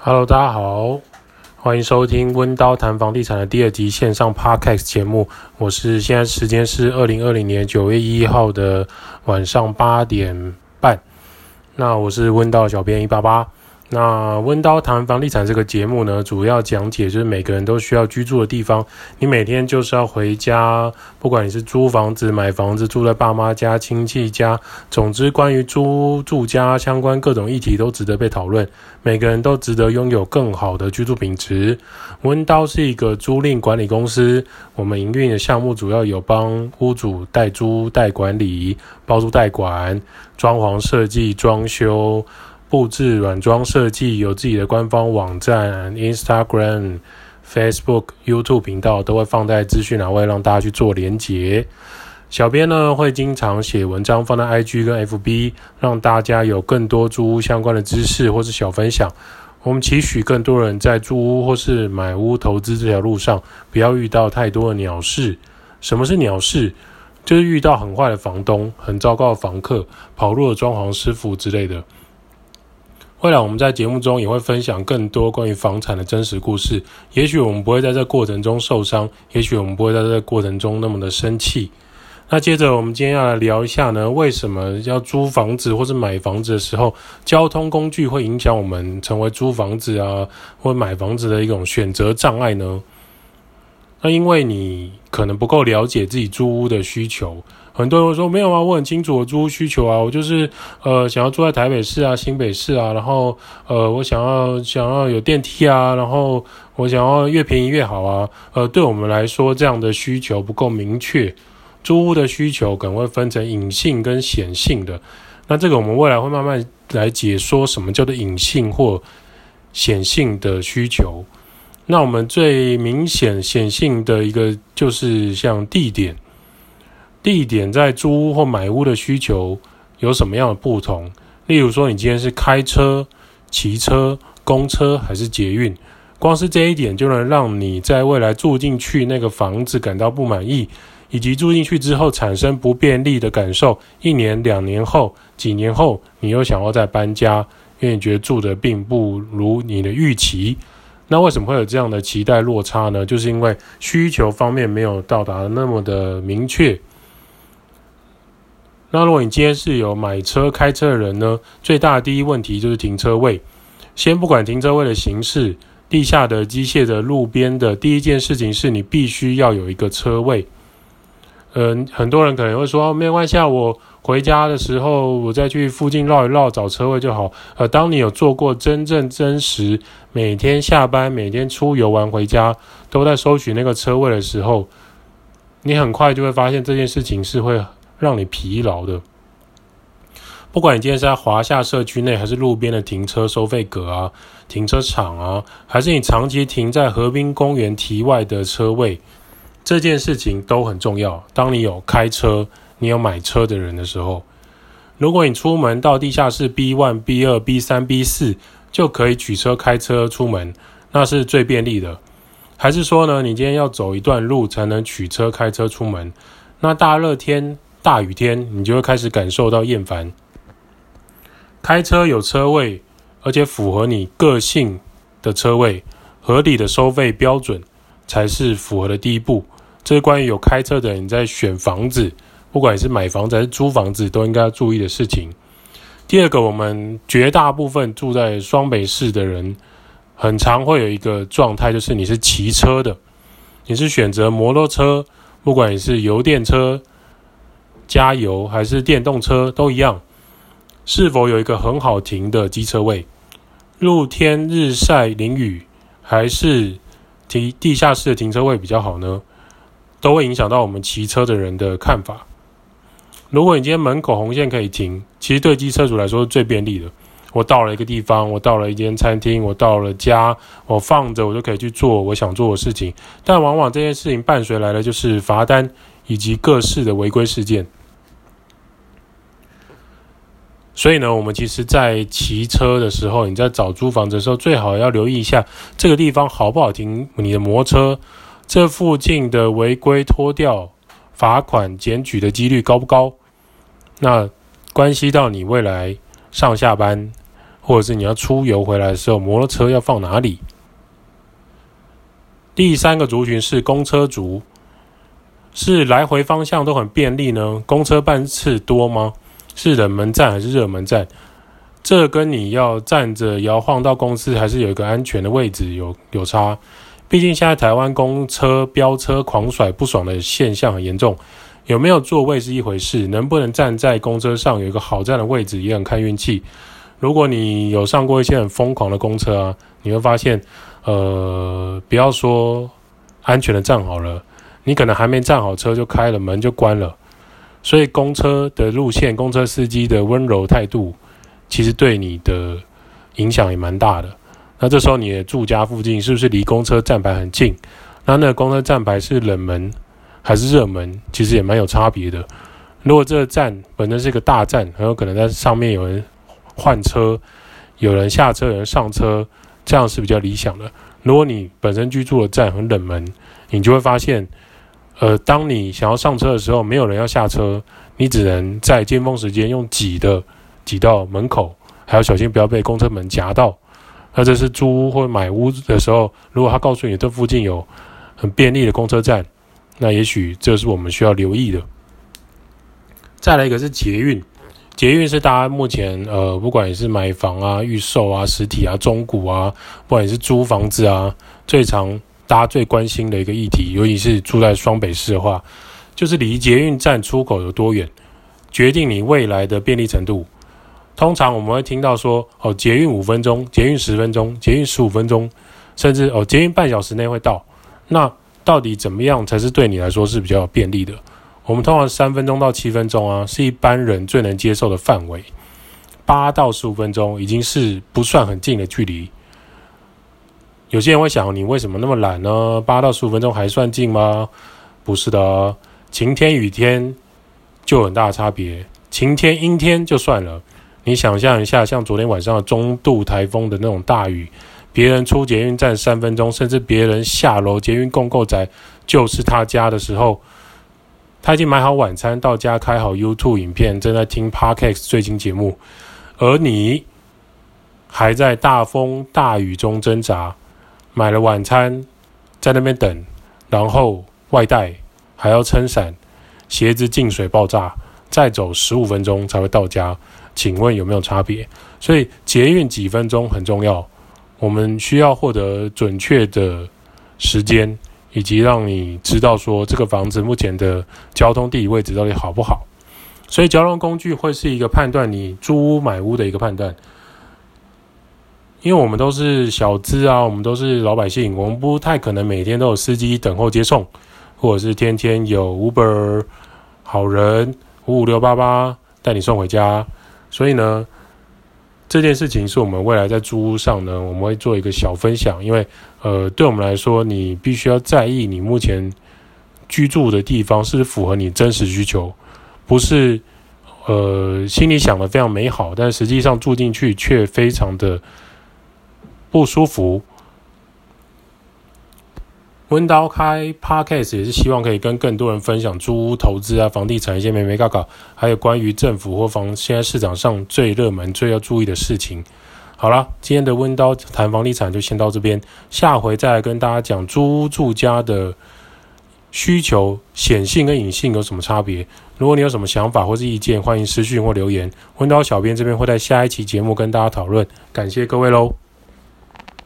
Hello，大家好，歡迎收聽溫叨談房地產的第二集線上 Podcast 節目。我是，現在時間是二零二零年九月一號的晚上八點半。那我是溫叨的小編一八八。那溫叨談房地產這個節目呢，主要講解就是每個人都需要居住的地方。你每天就是要回家，不管你是租房子、買房子、住在爸媽家、親戚家，總之關於租屋住家相關各種議題都值得被討論。每個人都值得擁有更好的居住品質。溫叨是一個租賃管理公司，我們營運的項目主要有幫屋主代租、代管理、包租代管、裝潢設計、裝修。布置軟裝設計，有自己的官方網站、Instagram、Facebook、YouTube 頻道，都會放在資訊欄位，讓大家去做連接。小編呢，會經常寫文章放在 IG 跟 FB，讓大家有更多租屋相關的知識或是小分享。我們期許更多人在租屋或是買屋投資這條路上，不要遇到太多的鳥事。什麼是鳥事？就是遇到很壞的房東、很糟糕的房客、跑路的裝潢師傅之類的。未來我們在節目中也會分享更多關於房產的真實故事。也許我們不會在這過程中受傷，也許我們不會在這過程中那麼的生氣。那接着我們今天要來聊一下呢，為什麼要租房子或是買房子的時候，交通工具會影響我們成為租房子啊或買房子的一種選擇障礙呢？那因為你可能不夠了解自己租屋的需求。很多人會說沒有啊，我很清楚我租屋需求啊，我就是呃想要住在台北市啊、新北市啊，然後呃我想要想要有電梯啊，然後我想要越便宜越好啊。呃，對我們來說這樣的需求不夠明確，租屋的需求可能會分成隱性跟顯性的。那這個我們未來會慢慢來解說什麼叫做隱性或顯性的需求。那我們最明顯顯性的一個就是像地點。地點在租屋或買屋的需求有什麼樣的不同？例如說，你今天是開車、騎車、公車還是捷運？光是這一點就能讓你在未來住進去那個房子感到不滿意，以及住進去之後產生不便利的感受。一年、兩年後、幾年後，你又想要再搬家，因為你覺得住的並不如你的預期。那為什麼會有這樣的期待落差呢？就是因為需求方面沒有到達那麼的明確。那如果你今天是有買車開車的人呢？最大的第一問題就是停車位。先不管停車位的形式，地下的、機械的、路邊的，第一件事情是你必須要有一個車位。嗯，很多人可能會說：“沒有關係啊，我回家的時候，我再去附近繞一繞找車位就好。”呃，當你有做過真正真實每天下班、每天出遊玩回家都在收取那個車位的時候，你很快就會發現這件事情是會。讓你疲勞的，不管你今天是在華夏社區內，還是路邊的停車收費格啊、停車場啊，還是你長期停在河濱公園堤外的車位，這件事情都很重要。當你有開車、你有買車的人的時候，如果你出門到地下室 B 一、B 二、B 三、B 四就可以取車開車出門，那是最便利的。還是說呢，你今天要走一段路才能取車開車出門？那大熱天。大雨天，你就會開始感受到厭煩。開車有車位，而且符合你個性的車位，合理的收費標準才是符合的第一步。這是關於有開車的人在選房子，不管你是買房子還是租房子，都應該要注意的事情。第二個，我們絕大部分住在雙北市的人，很常會有一個狀態，就是你是騎車的，你是選擇摩托車，不管你是油電車。加油還是電動車都一樣，是否有一個很好停的機車位？露天日曬淋雨，還是停地下室的停車位比較好呢？都會影響到我們騎車的人的看法。如果你今天門口紅線可以停，其實對機車主來說是最便利的。我到了一個地方，我到了一間餐廳，我到了家，我放着我就可以去做我想做的事情。但往往這件事情伴隨來的就是罰單以及各式的違規事件。所以呢，我們其實，在騎車的時候，你在找租房子的時候，最好要留意一下這個地方好不好停你的摩托車。這附近的違規拖吊罰款檢舉的幾率高不高？那關係到你未來上下班，或者是你要出遊回來的時候，摩托車要放哪裡？第三個族群是公車族，是來回方向都很便利呢？公車班次多嗎？是冷門站還是熱門站？這跟你要站着搖晃到公司，還是有一個安全的位置有有差。畢竟現在台灣公車飆車、狂甩不爽的現象很嚴重。有沒有座位是一回事，能不能站在公車上有一個好站的位置也很看運氣。如果你有上過一些很瘋狂的公車啊，你會發現，呃，不要說安全的站好了，你可能還沒站好車就開了，門就關了。所以公車的路線、公車司機的溫柔態度，其實對你的影響也蠻大的。那這時候你的住家附近是不是離公車站牌很近？那那個公車站牌是冷門還是熱門？其實也蠻有差別的。如果這個站本身是一個大站，很有可能在上面有人換車、有人下車、有人上車，這樣是比較理想的。如果你本身居住的站很冷門，你就會發現。呃，當你想要上車的時候，沒有人要下車，你只能在尖峰時間用擠的擠到門口，還要小心不要被公車門夾到。那這是租屋或買屋的時候，如果他告訴你這附近有很便利的公車站，那也許這是我們需要留意的。再來一個是捷運，捷運是大家目前呃，不管你是買房啊、預售啊、實體啊、中古啊，不管你是租房子啊，最常。大家最關心的一個議題，尤其是住在雙北市的話，就是離捷運站出口有多遠，決定你未來的便利程度。通常我們會聽到說，哦，捷運五分鐘，捷運十分鐘，捷運十五分鐘，甚至哦，捷運半小時內會到。那到底怎麼樣才是對你來說是比較便利的？我們通常三分鐘到七分鐘啊，是一般人最能接受的範圍。八到十五分鐘已經是不算很近的距離。有些人會想，你為什麼那麼懶呢？八到十五分鐘還算近嗎？不是的，晴天雨天就很大的差別。晴天陰天就算了，你想象一下，像昨天晚上的中度台風的那種大雨，別人出捷運站三分鐘，甚至別人下樓捷運共構宅就是他家的時候，他已經買好晚餐，到家開好 YouTube 影片，正在聽 Podcast 最新節目，而你還在大風大雨中掙扎。買了晚餐，在那邊等，然後外帶，還要撐傘，鞋子進水爆炸，再走十五分鐘才會到家。請問有沒有差別？所以捷運幾分鐘很重要，我們需要獲得準確的時間，以及讓你知道說這個房子目前的交通地理位置到底好不好。所以交通工具會是一個判斷你租屋買屋的一個判斷。因為我們都是小資啊，我們都是老百姓，我們不太可能每天都有司機等候接送，或者是天天有 Uber 好人五五六八八帶你送回家。所以呢，這件事情是我們未來在租屋上呢，我們會做一個小分享。因為，呃，對我們來說，你必須要在意你目前居住的地方是符合你真實需求，不是呃心裡想的非常美好，但實際上住進去卻非常的。不舒服。溫叨開 podcast 也是希望可以跟更多人分享租屋投資啊、房地產一些眉眉角角，還有關於政府或房現在市場上最熱門、最要注意的事情。好了，今天的溫叨談房地產就先到這邊，下回再來跟大家講租屋住家的需求顯性跟隱性有什麼差別。如果你有什麼想法或是意見，歡迎私訊或留言。溫叨小編這邊會在下一期節目跟大家討論。感謝各位嘍！